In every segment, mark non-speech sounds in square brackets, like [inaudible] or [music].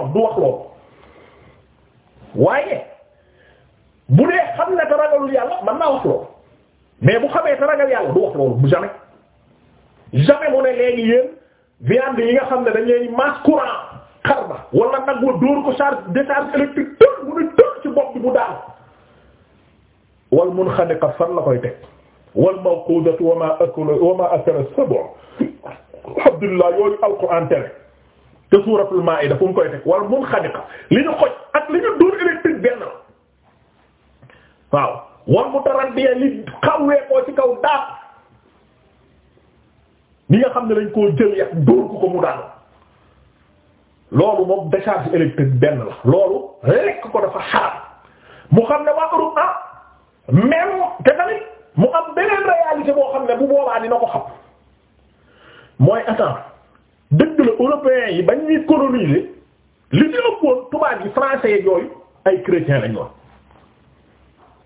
borom du wax loolu waaye bu dee xam na te ragalul yàlla mën naa wax loolu mais bu xamee te ragal yàlla du wax loolu bu jamais jamais mu ne léegi yéen viande yi nga xam ne dañ leen masse courant xar ba wala nag wa dóor ko charge décharge électrique mu ne tël ci bopp bi mu daal wal munxaniqa fan la koy teg wal mawqudatu wa ma akala wa ma akala sab'a alhamdulillah yooyu tere te suuratul maa'ida fu mu koy teg wal munxaniqa li ñu xoj ak li ñu dóor électrique benn la waaw wal mutaraddiya li xawwee koo ci kaw daal li nga xam ne dañ koo jël yàq dóor ko ko mu daal loolu moom décharge électrique benn la loolu lekk ko dafa xaram mu xam ne waa Europe ah même te mu am beneen réalité boo xam ne bu boobaa dina ko xam mooy attends dëgg la européens yi bañ ñuy coloniser li ñu ëppoon tubaab yi français yooyu ay chrétiens lañ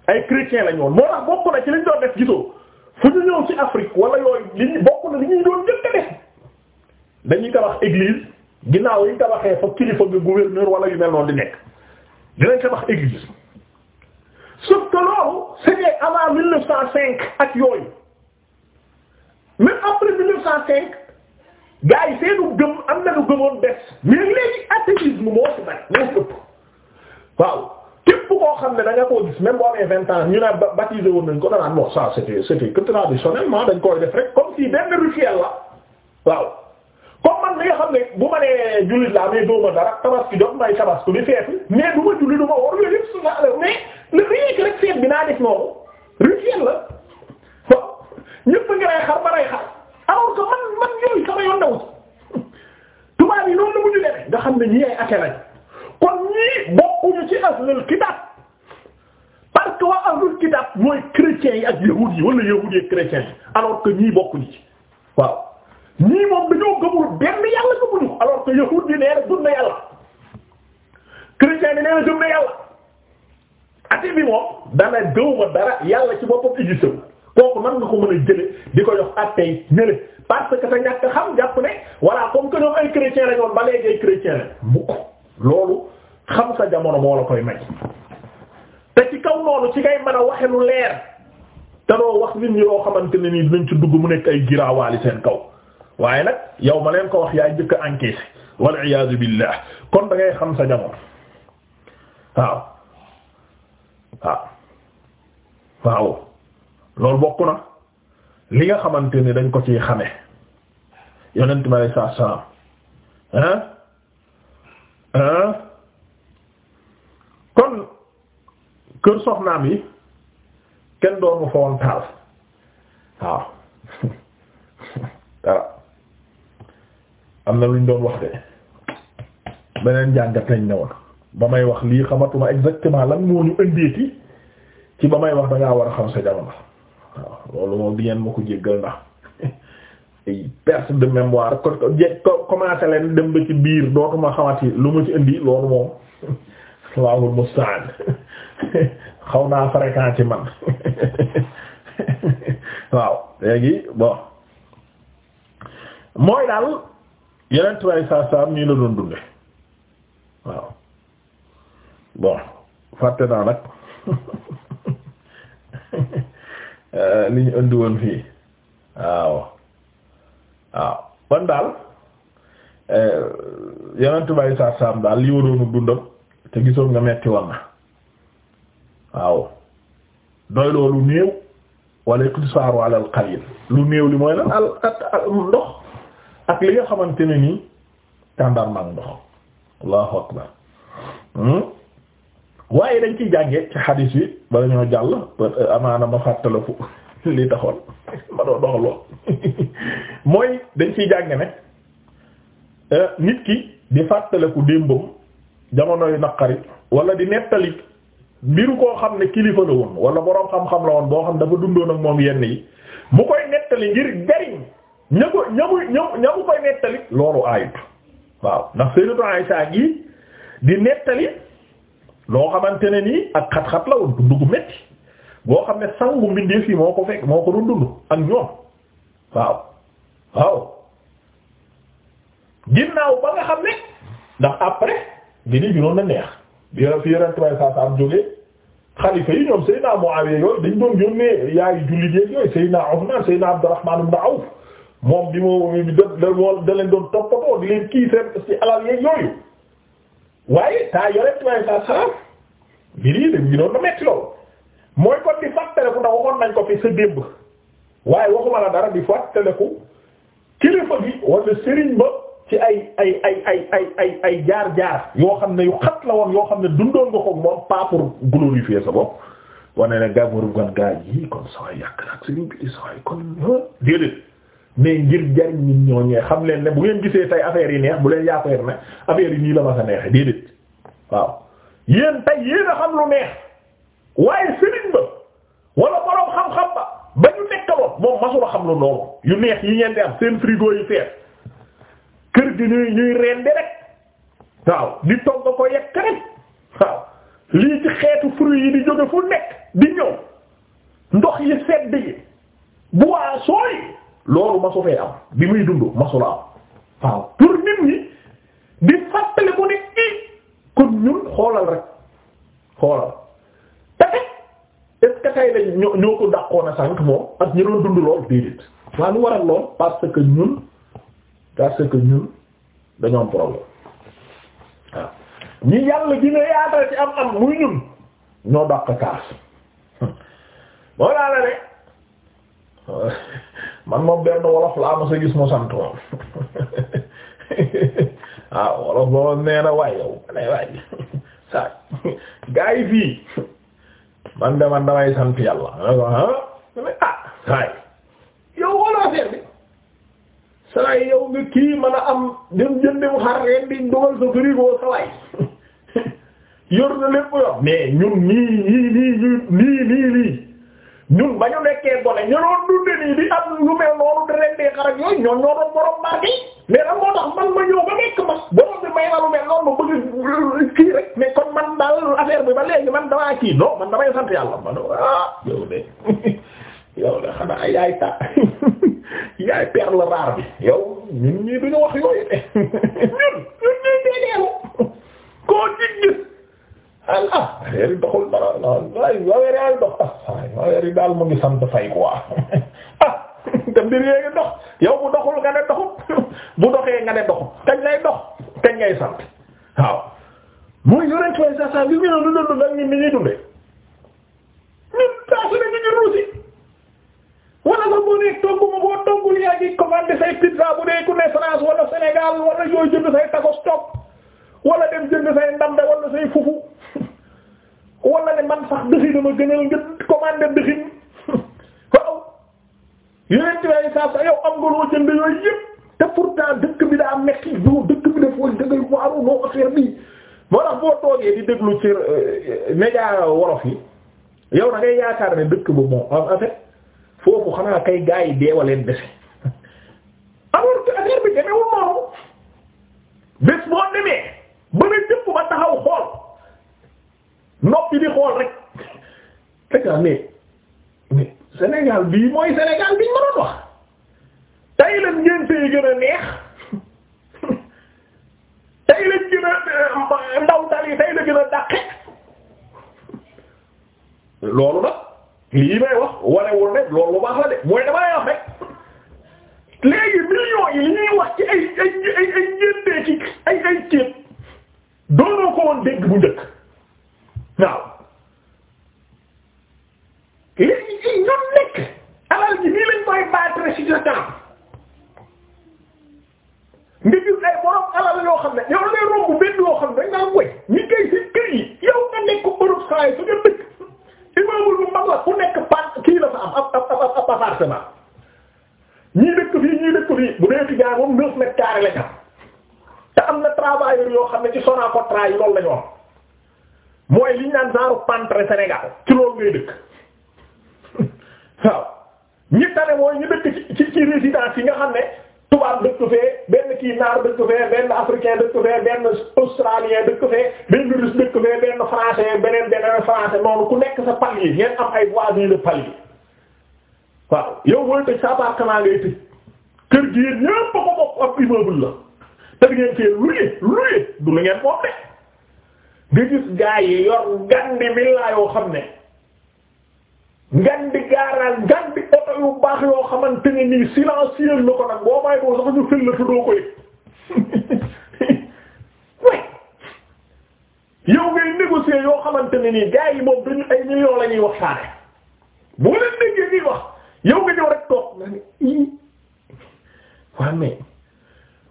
ay chrétiens lañ woon moo tax bokk na ci liñ doon def gisoo fu ñu ñëw ci Afrique wala yooyu li ñu bokk na li ñu doon jëkk def dañuy tabax église ginnaaw yi tabaxee fa kilifa bi gouverneur wala yu mel noonu di nekk dinañ tabax église sauf que loolu c'était avant 1905 ak yooyu même après 1905. gars yi seenu gëm am na lu gëmoon bes mais léegi athéisme moo ci bari moo ci waaw képp koo xam ne da nga koo gis même boo amee vingt ans ñu naan baptisé woon nañ ko da naan non ça c'était c'était que traditionnellement dañ koy def rek comme si benn rituel la waaw comme man mi nga xam ne bu ma nee la amee mais dóoma dara tabaski jot may tabaski bi feetu mais du ma julli du ma war yooyu yëpp su ma mais le rien que rek feet bi naa def noonu rituel la waaw alors que man man yooyu sama yoon daw tubaab yi noonu la mujj demee nga xam na ñii ay ate lañ kon ñii bokkuñu ci ahlul kitab parce que waa ahlul kitab mooy chrétiens yi ak yahuud yi wala yahuud yi chrétiens que ñii bokkuñu ci waaw ñii moom dañoo gëmul benn yàlla gëmuñu alors que yahuud yi nee na gëm na yàlla chrétien bi nee na gëm na yàlla ate bi moom dana dara yàlla ci boppam existewul kooku nan nga ko mën a jële di ko jox attey nele parce que sa ñàkk xam jàpp ne voilà comme que ñoom ay chrétien la ñoon ba léegi ay chrétien la loolu xam sa jamono moo koy may te ci kaw noonu ci ngay mën a waxe lu leer te doo wax nit ñi loo xamante ne nii dinañ ci dugg mu nekk ay giraawaali seen kaw waaye nag yow ma leen ko wax yaay jëkk a wal iyaadu billah kon da xam sa jamono waaw waaw waaw loolu bokk na li nga xamante ni dañ ko ci xame yonent bi alayhi salaatu salaam hein hein kon kër soxnaam yi kenn doonu fa woon waaw [laughs] dara am na luñ doon wax de beneen jàngat lañ ne woon ba may wax lii xamatuma exactement lan moo ñu ëndeeti ci ba may wax dangaa war a xam sa jamono loolu moom di ngeen ma ko jéggal ndax ay de mémoire commencé leen dem ba ci biir dootuma xamati lu ma ci indi loolu moom laahul musta'an xaw naa fréquent ci man waaw léegi bon mooy daal yeneen tubaab saa saa nii la doon dunde waaw bon fàtte naa nag [laughs] Euh, li ñu indi woon fii waaw waaw kon daal euh, yeneen tubaab yi saa saam daal li waroonu dundam te gisoon nga metti woon waaw doy loolu néew wala iqtisaaru ala al lu néew li mooy lan al al ndox ak li nga xamante ne nii tàndarmaak ndox allahu akbar hmm? waaye dañ ciy jàngee ci xadiis bi bala ñoo jàll amaana ma fàttaliku li taxoon ma doon doxal lool mooy dañ ci jànge ne euh, nit ki di fàttaliku démbam jamonoy naqari wala di nettali mbiru koo xam ne kilifa la woon wala boroom xam-xam la woon boo xam dafa dundoon ak moom yenn yi mu koy nettali ngir jariñ ña ko ña muy ña mu koy nettali loolu aayut waaw ndax Sayyidatu Aisha gi di nettali loo xamante ne nii ak xat-xat la woon dugg métti boo xam ne sangu mbindeef yi moo ko fekk moo ko doon dund ak ñoom waaw waaw ginnaaw ba nga xam ne ndax après gi ni na neex bi fi yonent bay saa saam jógee xalifa yi ñoom Seydina Muawiya yooyu dañ doon yónnee yaayu jullit yeeg yooyu Seydina Usmaan Seydina Abdurrahmaan ibn Awf moom bi moo da leen doon toppatoo di leen kii seen ci alal yooyu waaye taa yore tuwaay saa salaam mbir yi dañu doon na metti mooy kon di fàttaliku ndax waxoon nañ ko fi sa démb waaye waxuma la dara di fàttaliku kilifa bi wala sëriñ ba ci ay ay ay ay ay jaar jaar yoo xam ne yu xat la woon yoo xam ne dundoon nga ko moom pas pour glorifier sa bopp wane ne gàmmaru gan gaa yi kon saa yàq na ak bi di saa kon ah, déedéet. mais ngir jariñ ñun ñooñee xam leen ne bu ngeen gisee tey affaire yi neex bu leen yaakaar ne affaire yi nii la ma sa neexee déedéet waaw yéen tey yéen a xam lu neex waaye sëriñ ba wala borom xam-xam ba ba ñu nekkaloon moom masula xam lu noonu yu neex yi ngeen di am seen frigo yi fees kër gi ñuy ñuy rendi rek waaw di togg ko yekk rek waaw lii ci xeetu fruits yi di jóge fu nekk di ñëw ndox yi sedd yi boisson yi loolu masu fee am bi muy dund masu la am waaw pour nit ñi di fàttali ko ne kon ñun xoolal rek xoolal te est ce que tey lañ ñoo ñoo ko dàqoon a sànq moom ak dund lool déedéet waa lu parce que ñun dañoo am problème waaw ñi yàlla gine yaatal ci am am muy ñun ñoo dàq kaas [laughs] moo laa la ne man moom benn wolof laa ma sa gis mu sant moom waaw wolof [laughs] ah, moom nee na waay yow nee waay saa gaa fii man de damay sant yàlla ah saa ah, yi yow walla affaire bi saa yow nga kii mën a am dem jëndim xar reen sa frigo sa waay [laughs] yor na lépp yor mais ñun nii nii nii nii nii nii ñun ba ñu nekkee gone ñu doon dunde nii di am lu mel noonu di rendee xarak yooyu ñoo ñoo doon borom barke mais lan moo tax man ma ñëw ba nekk ma borom bi may na lu mel noonu ma bëgg kii rek mais kon man daal affaire bi ba léegi man damaa kii non man damay sant yàlla man ah yow de [laughs] yow de xanaa yaay ta [laughs] yaay perle rare bi yow ñun ñii duñu wax yooyu de [laughs] ñun ñun ñii dee deelu koo ci gis al ah affaire ah, yi doxul dara waaye affaire yaa ngi dox ah affaire daal mu ngi sant fay [laughs] ah te yee ngi dox yow bu doxul nga ne doxut [laughs] bu doxee nga ne doxut kañ lay dox kañ ngay sant waaw. mooy yore tooy sa sa li ñu doon dundal ak ñun ni ñuy dundee ñun saa su ne ñu ngi ruusi wala sax boo nee togg ma boo toggul yaa ngi commandé say pizza bu dee ku ne France wala Sénégal wala yooyu jënd say tacos toog wala dem jënd say ndambe wala say fufu. wala ne man sax dëxi dama gënal nga commandé dëxin waaw yeneen dëkk bi daa metti dëkk bi daf koy dëgëy bi moo tax toogee di déglu ci euh, média wolof yi yow dëkk ba moom en fait foofu xanaa kay gaa yi deewaleen dese alors que affaire bi demewul noonu bés boo demee ba nga jëpp ba taxaw xool noppi di xool rek fekk na mais Sénégal bii mooy Sénégal biñ mënoon wax tey la ngénte yi gën a neex ndaw dal yi tey la gën loolu nag lii may wax warewul loolu bu baax la de mooy léegi millions yi li ñuy wax ci ay ay ay ci ay ay dégg bu njëkk waaw léegi ci ñoom nekk alal ji nii lañ koy battre ci sa kanam nga gis ay borom alal yoo xam ne yow lay romb benn yoo xam ne dañ naan woy ñi koy ci kër yi yow nga nekk Europe saa yi su nga dëkk immeuble bu mag la ku nekk par kii la fa am ab ab ab ab appartement ñii dëkk fii ñii dëkk fii bu dee ci jaar moom neuf mètres carrés la ñu am te am na travailleurs yoo xam ne ci Sonacotra yi loolu la ñu am mooy liñ naan genre pantre Sénégal ci loolu ngay dëkk waaw ñi tane mooy ñu dëkk ci ci résidence yi nga xam ne tubaab dëkk benn kii naar dëkk fee benn africain dëkk fee benn australien dëkk fee benn russe dëkk fee benn français beneen beneen français noonu ku nekk sa palier ngeen am ay voisins de palier waaw yow mooy tëj sa appartement ngay tëj kër gi yéen ñëpp ko bokk ab immeuble la te ngeen fee loué loué du la ngeen moom de nga gis gaa yi yor ngandi villa yoo xam ne ngandi gaaraal ngandi oto yu baax yoo xamante ne nii silencieux la ko nag boo may boo sax ñu fël la tuddoo ko yow ngay négocier yoo xamante ne nii gaa yi moom dañu ay millions la ñuy waxtaane boo leen déggee ñuy wax yow nga ñëw rek toog nga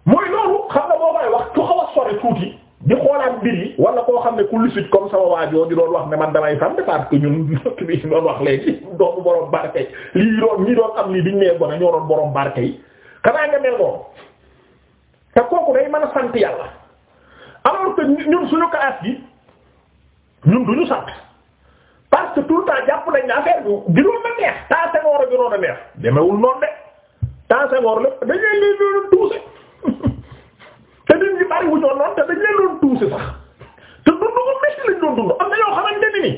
mooy loolu xam nga boo wax ku xaw a sori di xoolaat mbir yi wala koo xam ne ku lisuj comme sama waajoo di doon wax ne man damay sant parce que ñun nokk [laughs] bi doon wax léegi doonu borom barke lii doon ñi doon am lii diñu nee gone ñoo doon borom barke yi xanaa nga mel noonu te kooku day mën a sant yàlla alors que ñun suñu classe bi ñun duñu sant parce que tout le temps jàpp nañ ne affaire bi gënoon neex temps Senghor a gënoon a neex demewul noonu de temps Senghor la dañuy li loolu tuuse [laughs] te nit ñi bari wuñu te dañ leen doon tuusi sax te dundu ko metti lañ doon dund am na yoo xamante ni nii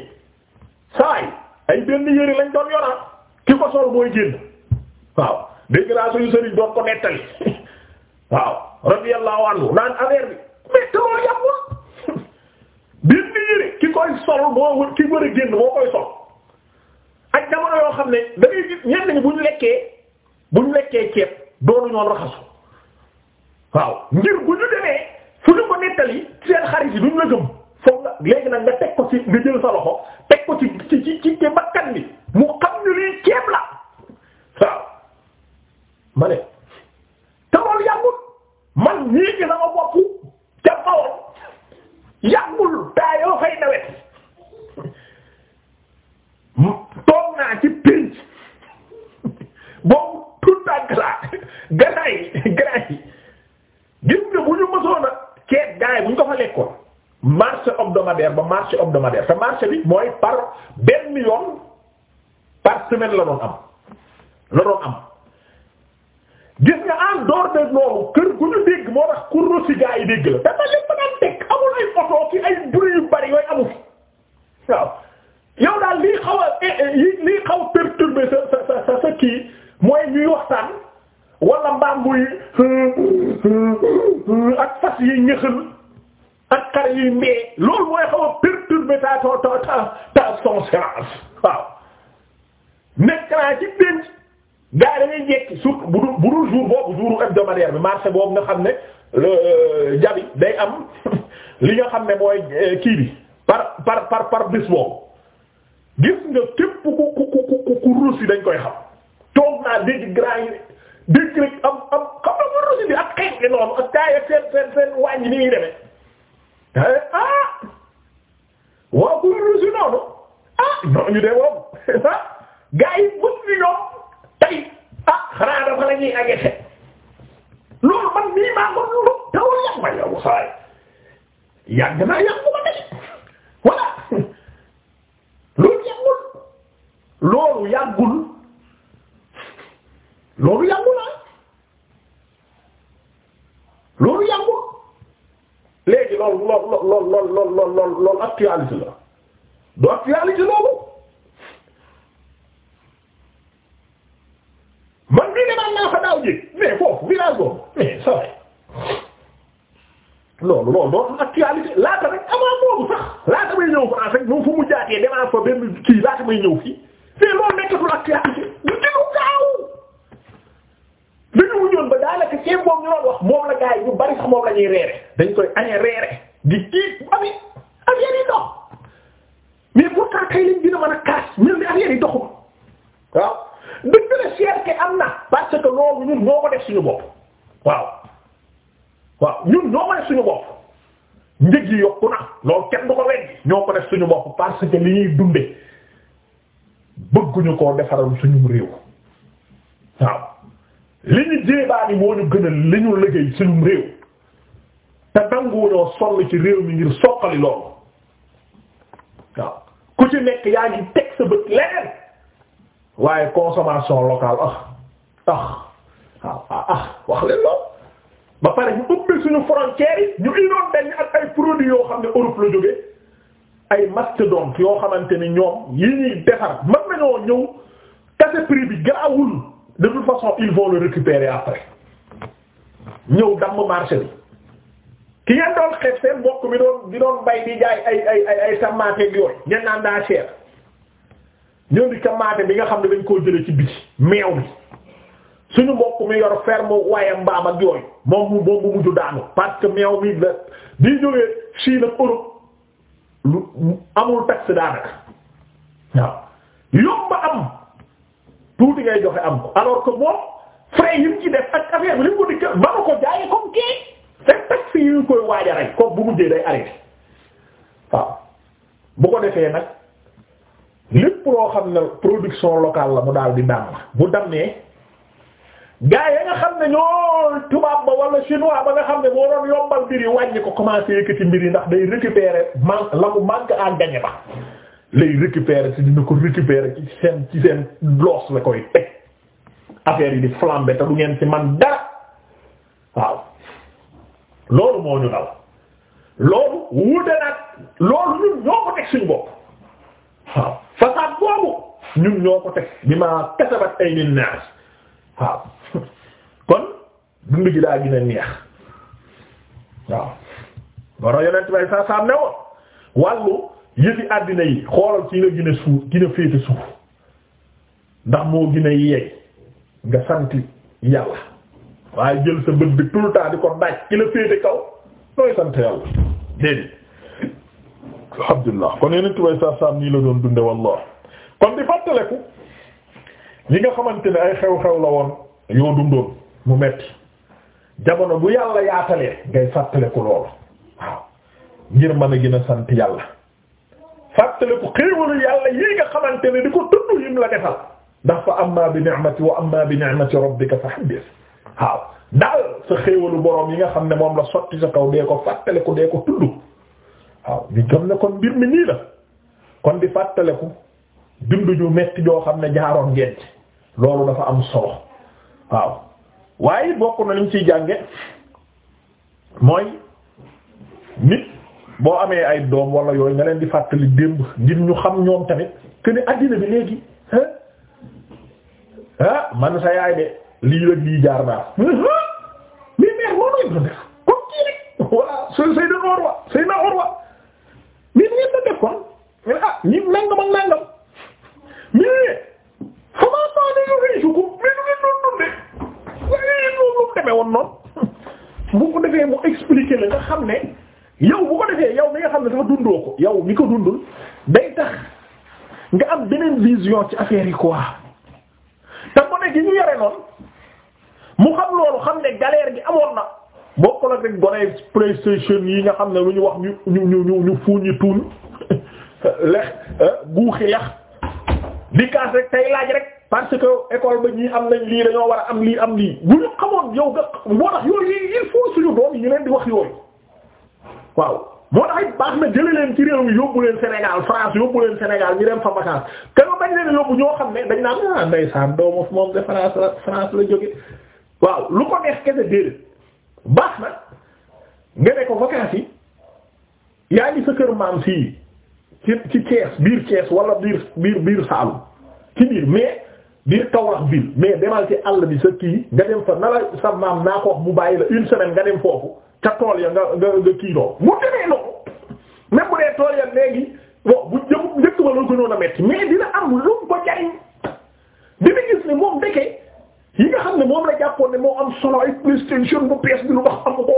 saay ay benn yére lañ doon yoraat ki ko sol mooy génn waaw dégg naa suñu sëriñ doon ko nettali [laughs] waaw radiyallahu anhu naan affaire bi mais te loolu yàggul [laughs] yére ki koy sol moo ki war a génn moo koy sol ak jamono yoo xam ne da ngay gis ñenn bu ñu lekkee bu ñu lekkee ceeb doonuñu woon raxasu waaw ngir bu ñu demee fu ñu ko nettali seen xarit yi duñ la gëm foog nga léegi nag nga teg ko ci nga jël sa loxo teg ko ci ci ci ci te bi mu xam ñu lii ceeb la waaw ma te loolu yàggul man ñii ci sama bopp ca Bawol yàggul daa yoo nawet toog naa ci pinc boobu tundaa garaa garaa yi gis nga bu ñu mësoon a ceeb gars yi bu ñu ko fa lekkoon marché hebdomadaire ba marché hebdomadaire te marché bi mooy par benn yoon par semaine la doon am la doon am. gis nga en dehors de loolu kër gu ñu dégg moo tax kurru si gars dégg la. fas yi ñëxal ak xar yi mbee loolu mooy xaw a perturber ta ta ta ta conscience waaw nekk naa ci pénc gaa yi dañuy jekki surtout bu dul bu dul jour boobu jour hebdomadaire bi marché boobu nga xam ne euh, jabi day am [laughs] li nga xam ne mooy euh, kii bi par par par par bis boobu gis nga képp ku ku ku ku ku ruus yi dañ koy xam toog naa dégg grand yi dégg am am xam war nañu ni ak xeex gi noonu ak taay ak seen seen seen wàññi ni ñuy demee eh, ah waaw ku ruusi noonu ah ñooñu de moom [laughs] ah gars yi bët ñu ñoom tey ah xanaa dafa la ñuy loolu man mii maa ko lu tawul yàgg ma yow saa yi yàgg naa ma tey voilà [laughs] loolu yàggul loolu loolu yàggul. lool lool lool lool lool lool actualité la du actualité loolu man bii demaan naa fa daaw jéeg mais foofu village boobu mais ça loolu loolu doon actualité laata rek avant boobu sax laata may ñëw France rek ñoom fu mu jaatee kii laata may ñëw fii mais loolu nekkatul actualité lu tegu gaaw dañu wuñoon ba daanaka ceeb boobu ñu doon reere dañ koy reere di kii ami affaire yi dox mais pourtant kay lañ dina mën a kaas mel ni affaire yi doxul waaw dëgg la cherté am na parce que loolu ñun ñoo ko def suñu bopp waaw waaw suñu bopp njëg yi yokku na loolu kenn du ko weddi ñoo ko def suñu bopp parce que li ñuy dunde bëgguñu koo defaral suñu réew waaw li ñu jéebaani moo ñu gënal li ñu liggéey suñu réew te danguwuñoo sonn ci réew mi ngir soqali loolu waaw ku ci nekk yaa ngi teg sa bët leer waaye consommation locale ah ah waaw ah, ah, ah wax leen lool ba pare ñu ubbi suñu frontières yi ñu inondé ñu ak ay produits yoo xam ne Europe la jóge ay mastodonte yoo xamante ni ñoom yi ñuy defar mën nañoo ñëw kase bi gaawul de façon ils vont le récupérer ñëw damm marché bi ki ngeen doon xeeb seen bokk bi doon bay di jaay ay ay ay ay samaate bi ngeen naan daa cher ñëw di samaate bi nga xam ne dañ koo jële ci biti meew bi suñu mbokk mi yor ferme waaye mbaam ak yooyu moom mu mujj daanu parce que meew mi di jógee Chine ak Europe amul taxe daanaka waaw yomb am tuuti ngay joxe am ko alors que moom frais yi mu ci def ak affaire bi li mu ko di mën ko jaayee comme kii. tax yu koy waaj a ko bu mujjee day arrêté waaw bu ko defee nag lépp loo xam ne production locale la mu daal di dàmm mu dammee gaa ya nga xam ne ñoo tubaab ba wala chinois ba nga xam ne boo doon yombal mbir yi wàññi ko commencé mbir yi ndax day récupérer man la mu manque à gagner ba lay récupérer ci dina ko récupérer ci seen ci seen loos la koy teg affaire yi di flamber te du ngeen si man dara waaw loolu moo ñu dal loolu wuute nag loolu ñun ñoo ko teg suñu bopp waaw façade boobu ñun ñoo ko teg bi ma kasabat ay nit naas waaw [laughs] kon dund gi daa gën a neex waaw wara yonent bay sa ne woon wàllu yëfi àddina yi xoolal ci nga gën a suuf gën a ndax moo gën a yeey nga sant yàlla waaye jël sa bët bi tout le di ko daaj ki la féete kaw nooy sant yàlla déedéet alhamdulilah kon yeneen tubay saa saam nii la doon dunde wallah kon di fàttaleku li nga xamante ne ay xew-xew la woon yoo dundoon mu metti jamono bu yàlla yaatalee ngay fàttaleku loolu waaw ngir mën a gën a sant yàlla fàttaleku xéewalu yàlla yi nga xamante di ko tudd yim la defal ndax fa amma bi ni'mati wa amma bi ni'mati rabbika fa haddith waaw daal sa xéewalu boroom yi nga xam ne moom la sotti sa kaw dee ko fàttaliku dee ko tudd waaw ñu gëm ne kon mbir mi nii la kon di fàttaliku dund ju metti joo xam ne jaaroon ngeen ci loolu dafa am solo waaw waaye bokk na liñ ciy jànge mooy nit boo amee ay doom wala yooyu nga leen di fàttali démb ngir ñu xam ñoom tamit que ne addina bi léegi ah man sa yaay de. lii rek lii jaar naa lii neex noonu lañ doon def comme kii rek voilà sooy sooy doon orwa sooy naa orwa lii ngeen doon def kon ah ñi nangam ak nangam mais xamaa naa ne ñu ngi suku mais ñu ngeen doon dundee waaye moom lu mu demee woon noonu bu ko defee mu expliquer la nga xam ne yow bu ko defee yow mi nga xam ne dafa dundoo ko yow mi ko dundul day tax nga am beneen vision ci affaire yi quoi te mu nekk yi ñu yore noonu. mu xam loolu xam ne galère gi amoon na bokkul ak rek gone PlayStation yi nga xam ne lu ñu wax ñu ñu ñu ñu ñu fuñi tuun [laughs] lex euh, guuxi lex di kaas rek tey laaj rek parce que école ba ñii am nañ lii dañoo war a am lii am lii bu ñu xamoon yow ga moo tax yooyu il faut suñu doom yi ñu leen di wax yooyu waaw moo tax it baax na jëlee leen ci réew mi yóbbu leen Sénégal France yóbbu leen Sénégal ñu dem fa vacances te nga bañ leen yóbbu ñoo xam ne dañ naa ah ndeysaan doomu moom la France la waaw lu ko neex kese déedéet baax na nga ne ko vacances yi yaa ngi sa kër maam fii ci ci Thiès biir Thiès wala biir biir biir Saalum ci biir mais biir Kaolack ville mais demal ci àll bi sa kii nga dem fa na la sa maam naa ko wax mu bàyyi la une semaine nga dem foofu ca tool ya nga nga nga kii noonu mu demee noonu même bu dee tool ya léegi bon bu jëm njëkk ba loolu gënoon a metti mais dina am lu ko jariñ solo ay PlayStation bu bees bi lu wax amu ko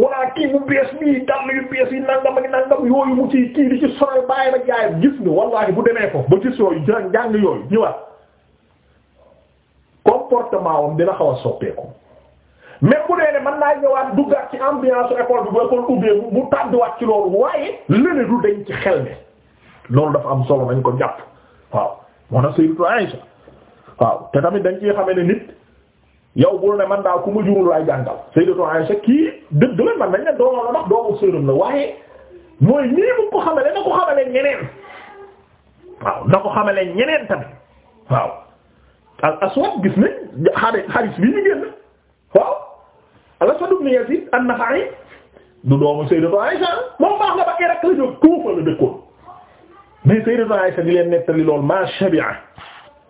walla kii bu bees bi dàll yu bees yi nangam ak nangam yooyu mu ci kii di ci solo bàyyi la jaay gis nga wallaahi bu demee ko ba gis yooyu jàng jàng yooyu ñëwaat comportement wam dina xaw a soppeeku mais bu dee ne mën naa ñëwaat duggaat ci ambiance école bi bu école ubbee mu tàddiwaat ci loolu waaye lële du dañ ci xel ne loolu dafa am solo nañ ko jàpp waaw moo na Sayyidatu Aisha waaw te tamit dañ ci xamee ne yow bul ne man daal ku ma jurul laay jàngal Sayyidatu Aisha kii dëgg la man nañ ne doomam la ndax doomu sërëm la waaye mooy nii mu ko xamale na ko xamale ñeneen tamit waaw al aswad gis nañ xari xaris bii ñu génn waaw al aswad ibn Yazid an-Naxa'i du doomu Sayyidatu Aisha moom baax la ba Irak la jóg Kufa la dëkkoon mais Sayyidatu Aisha di leen nettali lool ma shabi'a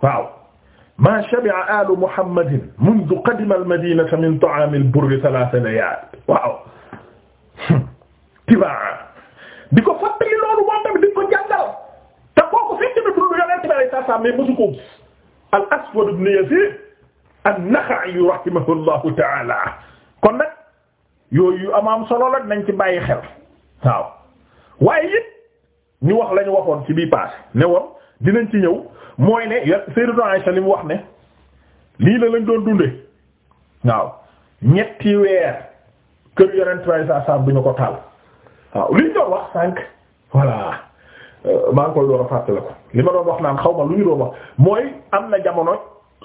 waaw maa shabi'a aalu muhammadin mundu qadima al-madiinata min ta'aami al-burri thalaatha layaal waaw tibaa di ko fàttali loolu moom tamit di ko jàngal te kooku fekk na turu Yonent bi alayhi salaam mais mësu ko al-Aswad ibn Yaziid an-Naxa'i rahimahullahu ta'aala kon nag yooyu amaam solo la nañ ci bàyyi xel waaw waaye it ñu wax la ñu waxoon ci bii paase ne woon dinañ ci ñëw mooy ne Sayyidatu Aisha li mu wax ne lii la lañ doon dunde waaw ñetti weer kër yonent way sa sa bu ñu ko taal waaw liñ doon wax sànq voilà euh, maa ngi koy door a fàttale ko li ma doon wax naan xaw ma lu ñu doon wax mooy am na jamono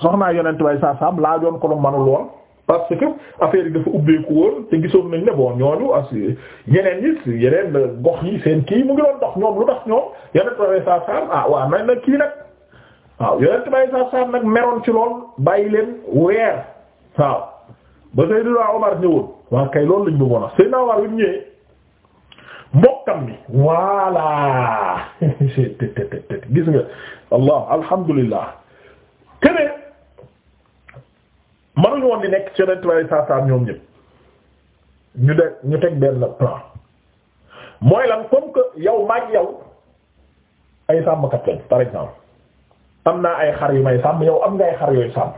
soxnaa yonent way sa sam laa doon ko lu manul parce que affaire yi dafa ubbeeku woon te gisoon nañ ne bon ñooñu as yeneen yi yeneen gox yi seen kii mu ngi doon dox ñoom lu tax ñoom yeneen tawee saa saam ah waaw nañ nag kii nag waaw yeneen tawee saa saam nag meroon ci lool bàyyi leen weer waaw ba Seydina Omar ñëwoon waaw kay loolu lañ bëggoon a Seydina Omar bi ñëwee mbokkam mi voilà [laughs] gis nga allah alhamdulillah keneen manuñu woon di nekk ci yonent bi saa saa ñoom ñëpp ñu de ñu teg benn plan mooy lan comme que yow maag yow ay sàmmkat lañ par exemple am naa ay xar yu may sàmm yow am nga ay xar yooyu sàmm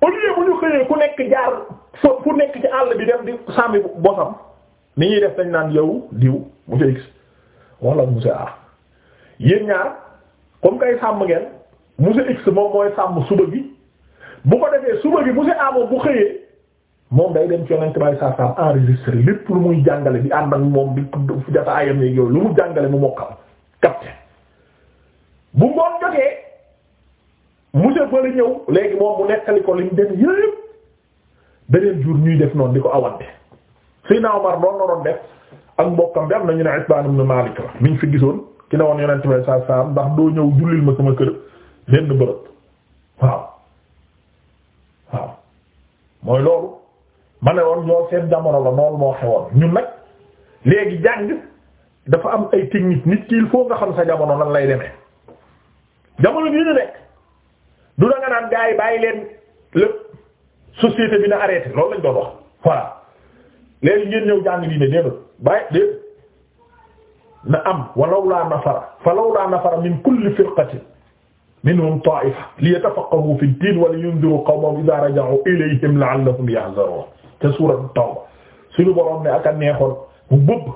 au lieu bu ñu xëyee ku nekk jaar fu nekk ci àll bi dem di sàmmi bosam ni ñuy def dañ naan yow diw monsieur X wala monsieur A yéen ñaar comme que sàmm ngeen monsieur X moom mooy sàmm suba bi. bu ko defee suba gi monsieur Abo bu xëyee moom day dem ci yonent bay saa saam enregistré lépp lu muy jàngale di ànd ak moom di jataayam yooyu lu mu jàngale mu mokkal capte bu ngoon jotee monsieur Fële ñëw léegi moom mu nekkali ko liñ dem yëpp beneen jour ñuy def noonu di ko awante Seydina Omar doon na doon def ak mbokkam bi am na ñu ne Itbaan ibn Maalik la niñ fi gisoon ki ne woon yonent bay saa saam ndax doo ñëw jullil ma sama kër benn bërëb mooy loolu ma ne woon seen jamono la noonu moo xewoon ñun nag léegi jàng dafa am ay technique nit ki il faut nga xam sa jamono lan lay deme jamono bii ñu du da nga naan gars yi bàyyi leen lépp société bi na arrêté loolu lañ doon wax voilà léegi ngeen ñëw jàng diine déedéet bàyyi déet na am walaw laa nafara fa law laa nafara min kulli firqatin minhum ta'ifa liyatafaqqahu fi ddin wa liyunziru qawmahum idha raja'u ilayhim la'allahum yahzarun te suuratu tawba suñu borom ne ak a neexoon bu bëgg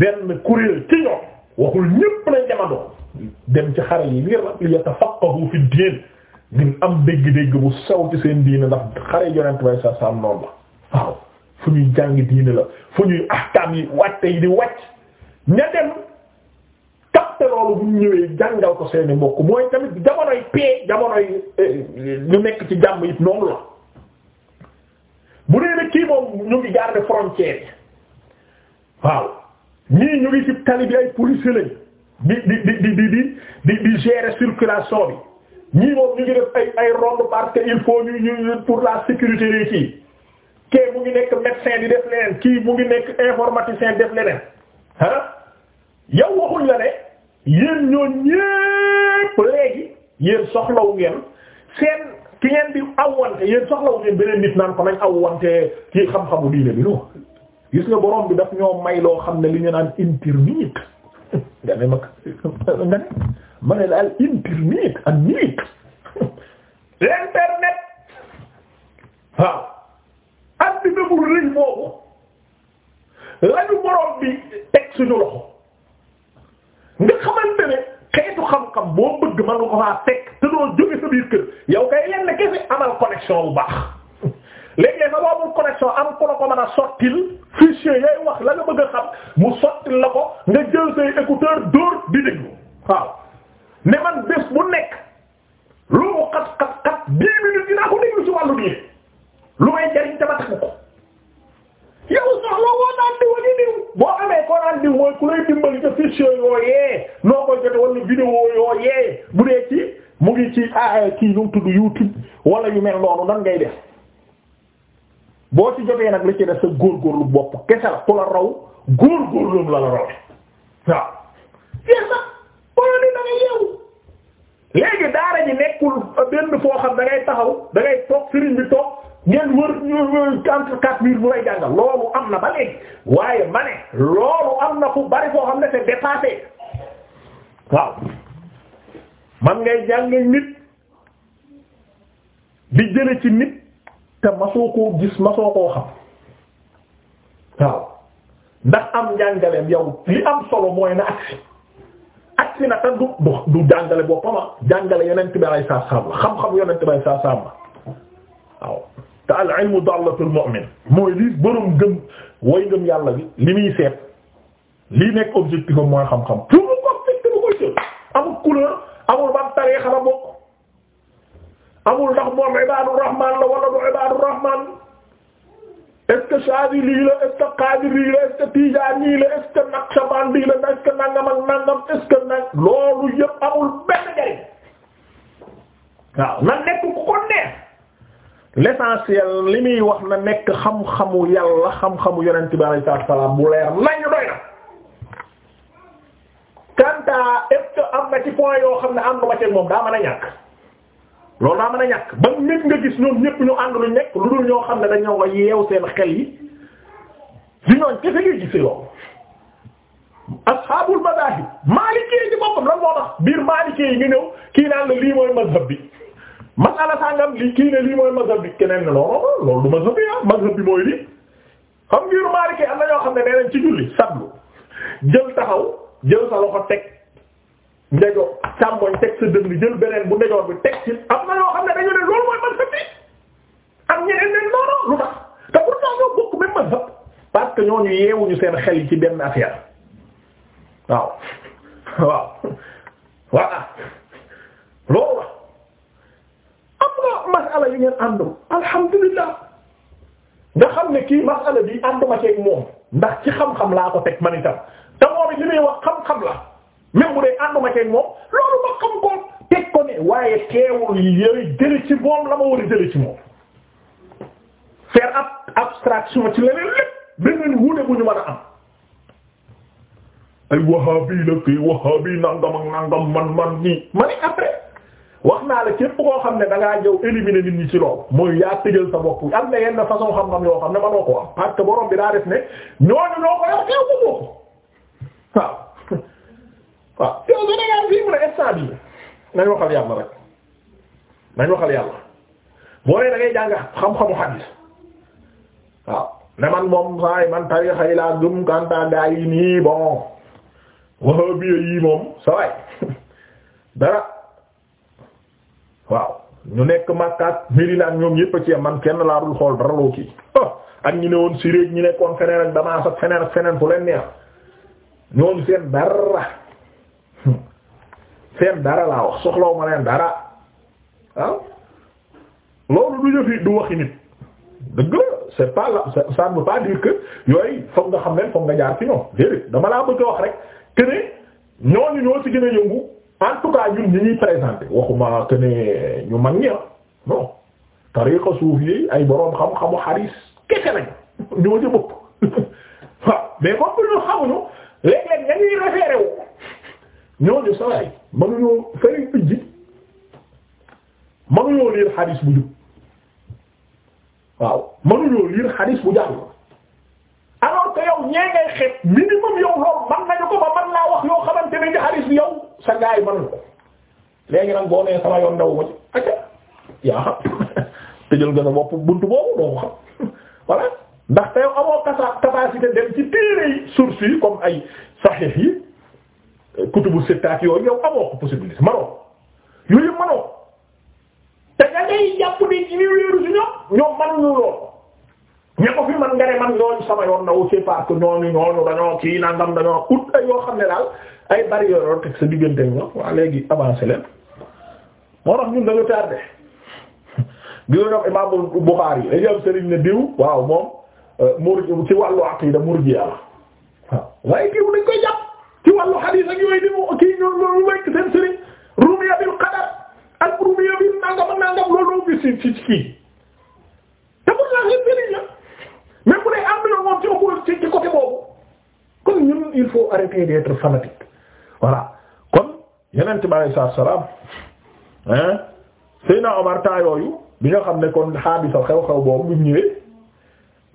benn kuréel ci ñoom waxul ñépp la jamono dem ci xare yi ngir liyatafaqqahu fi ddin ngir am dégg-dégg bu sew ci seen diine ndax xare yonent bay sa sam noonu la waaw fu ñuy jàng diine la fu ñuy ahkaam yi wàcce yi di wàcc ña dem fàtte loolu bu ñu ñëwee jàngal ko seeni mbokk mooy tamit jamonoy paix jamonoy ñu eh, nekk ci jàmm yi noonu la bu dee nag kii moom ñu ngi garder frontière waaw ñii ñu ngi ci tali bi ay policiers lañ di di di di di circulation bi ñii moom ñu ngi def ay ay ronde parce que il faut ñu ñu pour la sécurité des kii kii mu ngi nekk médecin di def leneen kii mu ngi nekk informaticien def leneen ah yow waxuñ la ne yéen ñooñu ñépp léegi yéen soxlawu ngeen seen ki ngeen di awwante yéen soxlawu ngeen beneen nit naan ko aw awwante ci xam-xamu diine bi non gis nga borom bi daf ñoo may loo xam ne li ñu naan intermique [laughs] nga ne ma nga ne [laughs] boobu lañu borom bi teg suñu loxo. nga xamante ne xeetu xam-xam boo bëgg ma nga ko faa fekk te doo jóge sa biir kër yow kay lenn kese amal connexion bu baax léeg-léeg nag boo amul connexion am ku la ko mën a sottil fichier yay wax la nga bëgg a xam mu sottil la ko nga jël say écouteur dóor di déglu waaw ne man bés bu nekk loolu xat xat xat dix minutes dinaa ko déglu ci wàllu diine lu may picture yooyee noo koy jote wala vidéo yooyee bu dee ci mu ngi ci a ah, eh, kii nu tudd YouTube wala yu mel noonu nan ngay def boo ci jotee nag li ci def sa góorgóorlu bopp kese la ku la raw góorgóorlu la la raw waaw yéen sax ni da ngay léegi daara ji nekkul benn foo xam da ngay taxaw da ngay toog sëriñ bi toog ngeen wër entre quatre mille mu lay jàngal loolu am na ba léegi waaye ma ne loolu am na fu bari foo xam ne c'est dépassé waaw man ngay jàngal nit di jële ci nit te masoo koo gis masoo koo xam waaw ndax am njàngaleem yow li am solo mooy na agsi agsi na te du du jàngale boppama jàngale yonent bi ay saa saam la xam-xam yonent bi ay saa la waaw te al ilmu dallatul mu'min mooy li borom gëm way gëm yàlla bi li muy seet lii nekk objectif am mooy xam-xam pour mu ko fekk bu koy jël amul couleur amul ban taree xala bokk amul ndax moom ibaadu rahmaan la wala du ibaadu rahmaan est-ce que Chadili la est-ce que Qadiri la est-ce que Tijani la est-ce que Naqshbandi la est-ce que nangam ak nangam est-ce que nag loolu yëpp amul benn njariñ waaw na nekk ku ko neex l'essentiel li muy wax na nekk xam-xamu yàlla xam-xamu yonent bi alayhi salaam bu leer nañu doy na kanta est am na ci point yoo xam ne àndu ma ci moom daa mën a ñàkk loolu daa mën a ñàkk ba nit nga gis ñoom ñépp ñu ànd lu nekk lu dul ñoo xam ne dañoo nga yeew seen xel yi di ñooñ kese ngay gis loolu ashaabul madaahib maalikee ci boppam lan moo tax biir maalikee yi nga ñëw kii naan la lii mooy mazhab bi masala sàngam li kii ne lii mooy mazhab bi keneen ne non loolu du mazhab bi ah mooy lii xam ngiru Maliki am na ñoo xam ne nee ci julli sablu jël taxaw jël sa loxo teg ndejo càmmoñ teg sa dënn jël beneen bu ndejoor bi teg ci am na ñoo xam ne dañu ne loolu mooy mazhab am ñeneen ne non lu tax te pourtant ñoo bokk même mazhab parce que ñooñu yeewuñu seen xel yi ci benn affaire waaw [laughs] waaw loolu la yi ngeen àndoo alhamdulilah nga xam ne kii masala bi ànduma ceeg moom ndax ci xam-xam laa ko teg ma itam te moom it li muy wax xam-xam la même bu dee ànduma ceeg moom loolu ma xam ko teg ko ne waaye teewul yooyu jëli ci moom la ma war a ci moom faire ab abstraction ci leneen lépp beneen wuute bu ñu mën a am. ay wahabi la kii wahabi nangam ak nangam man man nii ma ne après. wax naa la képp koo xam ne da ngaa jëw nit ñi ci loolu mooy yaa tëjal sa bopp am na yenn façon xam-xam yoo xam ne manoo ko am parce que bi daa def ne ñooñu ñoo ko yor ko boobu waaw waaw teew ko da ngaa fii mu ne instant bii boo nee da jàng xam-xamu xadiis waaw ne man moom saay man tarixa yi laa gëm kanta gaa yi nii bon wahabiya yi moom sawaay [laughs] dara waaw ñu nekk Makka Medina ak ñoom yëpp a ci man kenn laa dul xool dara loo kii oh, ak ñu ne woon Syrie ñu nekkoon feneen ak Damas ak feneen ak feneen fu leen neex ñoom seen dara [laughs] seen dara laa wax soxlaw ma leen dara waaw loolu du jëfi du waxi nit dëgg la c'est pas la ça ne veut pas dire que yooyu foog nga xam ne foog nga jaar ci ñoom déedéet dama laa bëgg a wax rek que ne ñooñu ñoo ci gën a yëngu. en tout cas ñun ñu ñuy présenté waxuma que ne ñu mag ñi ah non tariqa suufi ay boroom xam-xamu xaris kese nañ ñoo ci bopp [laughs] waaw mais comme que ñun xamuñu léeg-léeg nga ñuy référé wu ñooñu sa waay mënuñoo fëriñ ijji mënuñoo liir xaris bu jub waaw mënuñoo liir xaris bu jàll alors que yow ñee ngay xeet minimum yow loolu man nañu ko ba man laa wax yoo xamante ne nga xaris bi yow. sa gaay yi mënuñ ko léegi nag boo nee sama yoon ndaw ma ci acca yaa xam [laughs] tëjal nga sa bopp buntu boobu doo ko xam [laughs] voilà ndax te yow amoo kasa capacité dem ci téere yi sources comme ay sahih yi kutubu sitta yooyu yow amoo ko possibilité manoo yooyu manoo te nga ngay jàpp ni ci wéeru si ñoom ñoom mënuñu lool ña ko fi man nga ne man ñooñu sama yoon ndaw c'est parce ñooñu ñooñu dañoo kii nangam dañoo ut yoo xam ne daal ay bari yoo teg sa diggante ñoom waa léegi avancé leen moo tax ñun dañu tardé gis nga Imaam Bukhari dañuy am sëriñ ne diw waaw moom euh, mur ci wàllu aqiida murji'a waaw waaye diw dañ koy jàpp ci wàllu hadiis ak yooyu diw kii ñoom ñoom wekk seen sëriñ rumiya bil qadar ak rumiya bil nangam ak nangam loolu gis ci ci kii te pourtant seen sëriñ la même bu dee am na moom ci ci côté boobu kon ñun il faut voilà kon yonent bi alayhi salaatu salaam hein Seydina na taa yooyu bi nga xam ne kon xaabisa xew-xew boobu bu ñëwee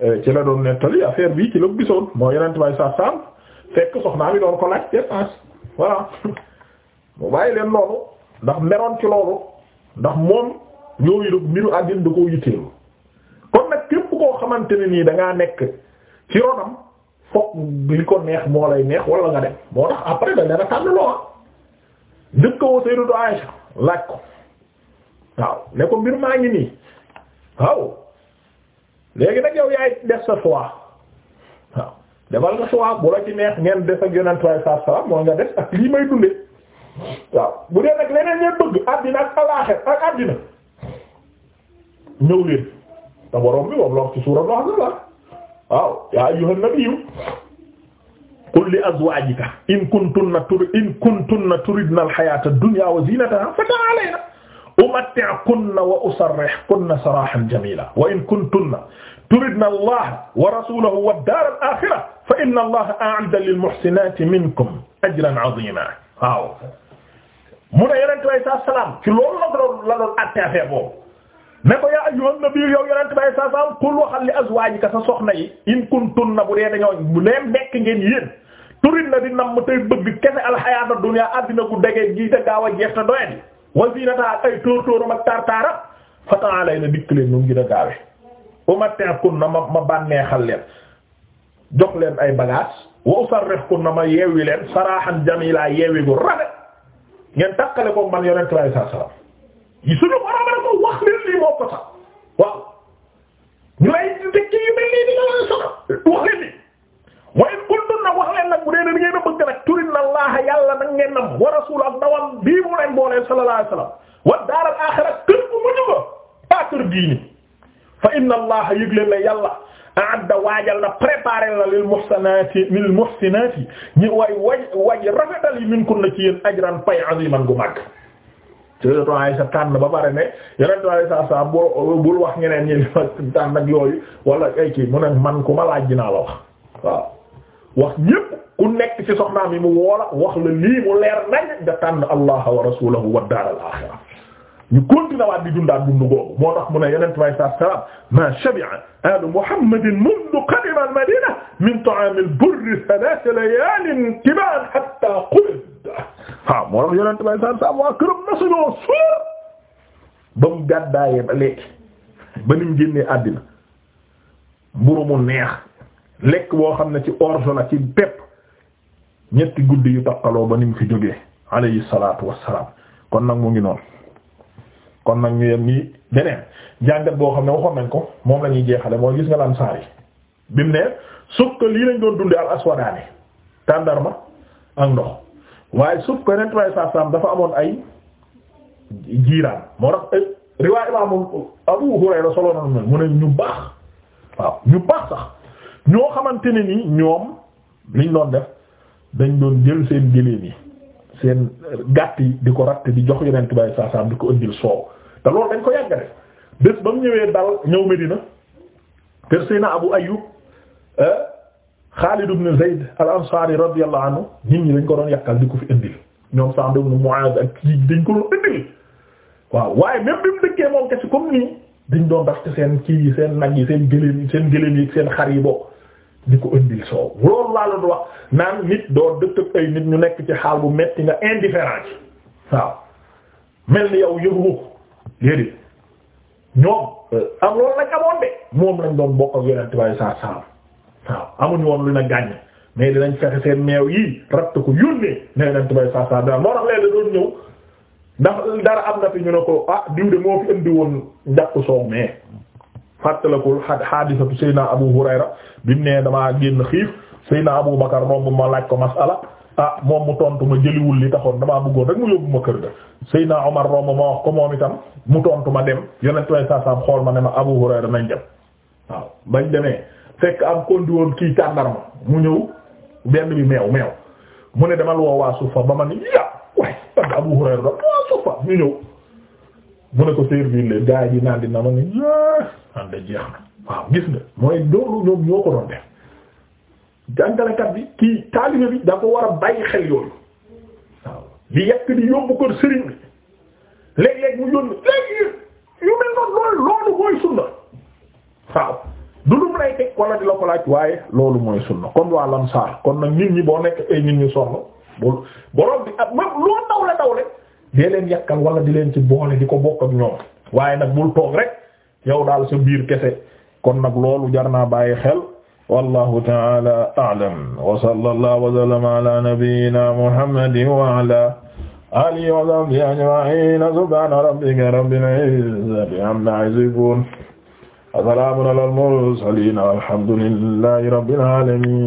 euh, ci la doon nettali affaire bi ci la ko gisoon moo yonent bi alayhi salaatu salaam fekk soxnaa mi doon ko laaj dépense voilà bàyyi leen loolu ndax meloon ci loolu ndax moom yooyu da mbiru àddina da koo yitteelu kon nag képp koo xamante ne nii da nekk ci ronam. foog li ko neex moo lay neex wala nga dem moo tax après da leen a tànn loo ah njëkk woo Sayyidatu Aisha laaj ko waaw ne ko mbir maa ngi nii waaw léegi nag yow yaay def sa choix waaw defal nga choix bu la neex ngeen def ak Yonent bi saa salaam moo nga def ak lii may dundee waaw bu dee nag leneen ngeen bëgg àddina ak alaaxir ak àddina ñëw leen te borom bi moom la wax ci suura waaw yaa ayyuhan nabiyyu qul li azwaajika in kuntunna tur in kuntunna turidna al-hayaata ad-dunya wa ziinataha fa ta'aalayna umatti'kunna wa usarrihkunna saraahan jamiila wa in kuntunna turidna allaha wa rasuulahu wad-daara al-aaxirata fa inna allaha a'adda lil-muhsinaati minkum ajran 'aziiman waaw mu ne yonent bi alayhi salaam ci loolu la doon la doon àtte affaire boobu ne ko yaa ayyuhan nabiyyu yow yonent bi saa saa qul waxal li azwaajika sa soxna yi in kuntunna bu dee dañoo bu leen nekk ngeen yéen turin na di nam mu tey bëgg kese alxayaata dunya àddina gu dege ji te gaaw a jeex te doyati wa ziinata ak ay tóortóoram ak tartaaram fa ta'aalayna dikk leen nu mu gën a gaawe umatti'kunna ma ma bànneexal leen jox leen ay bagages wa na ma yeewi leen saraahan jamiila yeewi gu rafet ngeen takkale ko man yonent suñu borom la ko wax leen lii moo ko sax waaw ñu lay dëkk yu mel nii di nga la soxla wax leen ni waaye kuntum wax leen nag bu dee da ngeen a bëgg nag turin Allah yàlla nag ngeen nam wa rasul ak ndawam bii mu leen booleen sallallahu alayhi wasallam wa daaral aaxira kër bu mujj ba Allah yëg leen la lil muhsanaati lil muhsinaati ñi way way way rafetal yi min ajran pay aziman gu mag. Sayyidatu Aisha tànn ba pare ne yeneen tubaab yi saa saa boo bul wax ñeneen kii mu ne man ku ma laaj dinaa la wax waaw wax ñépp ku nekk ci soxnaam yi mu woola wax la lii mu leer nañ nga tànn Allah wa rasulahu wa daaral aaxira ñu continué waat di moo tax mu ne yeneen tubaab yi saa ma shabi'a alu Muhammadin mundu qadima al-Madina min ta'aamil burri thalaatha layaalin tibaan hattaa qubida waaw moo tax yonent bay san sam waa këram nasuñoo suur ba mu gàddaayee ba lekk ba ni mu génnee àddina mburu mu neex lekk boo xam ne ci orge la ci bépp ñetti guddi yu taqaloo ba ni mu fi jógee alayhi salaatu wassalaam kon nag mu ngi noonu kon nag ñu yem nii beneen jàngat boo xam ne waxoon nañ ko moom la ñuy jeexale mooy gis nga lan saari bi mu ne sukk lii lañ doon dundee al aswadaane tàndarma ak ndox waaye suuf ko yeneen trois cent cent dafa amoon ay jiiraan moo tax eh, riwaay imaamu Abu Hurayra solo na mu ne ñu baax waaw ñu baax sax ñoo xamante ne ni ñoom liñ doon def dañ doon jël seen gëléem yi seen gàtt yi di ko ratt di jox yeneen tubaab saa saa di ko ëndil soow te loolu dañ ko yàgg def bés ba mu ñëwee dal ñëw Medina kër Seyna Abu Ayyub ah Xaalid ibn Zayd al-Ansaari radiyallahu anhu nit ñi dañ ko doon yàqal di ko fi indil ñoom Sa'd ibn Mu'aaz ak kii dañ ko doon indil waaw waaye même bi mu dëkkee moom kese comme nii dañ doon dax ci seen kii yi seen nag yi seen gëléem yi seen gëléem yi seen xar yi bokk di ko indil soow loolu laa wax naan nit doo dëkk ay nit ñu nekk ci xaal bu metti nga indifférent waaw mel ni yow yëngu yéen ñoom euh, am loolu lañ amoon de moom lañ doon bokk ak waaw amuñu woon lu na gàññ mais dinañ fexe seen meew yi ratt ko yónnee ne nent bay sasa da moo tax léeg-léeg doon ñëw ndax dara am na fi ñu ne ko ah diw de moo fi indi woon njàpp soow mais fàttalakul a xaadisatu Seydina Abu Hurayra bi mu ne damaa génn xiif Seydina Abu Bakar romb ma laaj ko masala ah moom mu tontu ma jëliwul li taxoon damaa bëggoon rek mu yóbbu ma kër ga Seydina Omar romb ma wax ko moom itam mu tontu ma dem yonent way saasaam xool ma ne ma Abu Hurayra nañ dem waaw fekk am kondi woon kii mu ñëw benn bi meew meew mu ne demal woo waa ba ma ni ya waaye ak Abu Hurayra ñëw mu ne ko servir gaa yi naan di na ma ne yaa naan da jeex na waaw gis nga mooy loolu ñoom ñoo ko doon def jàngalekat bi kii taalibe bi da ko war a bàyyi xel yooyu waaw di yekk di yóbbu ko sëriñ bi léeg mu yónni léegi yu mel noonu loolu loolu mooy waaw du lum lay teg wala di la ko laaj waaye loolu mooy sunna comme waa lamsaar kon nag nit ñi boo nekk ay nit ñi soxla bul borom dawle dawle dee leen yàkkal wala di leen ci boole di ko bokk ak ñoom waaye nag bul toog rek yow daal sa biir kese kon nag loolu jar naa bàyyi xel wallahu ta'ala a'lam wa sallallahu wa wa ala alihi wa sahbihi ajma'in subhana rabbika rabbil izzati asalaamun alal mursaliin alhamdulillahi rabbil aalamiin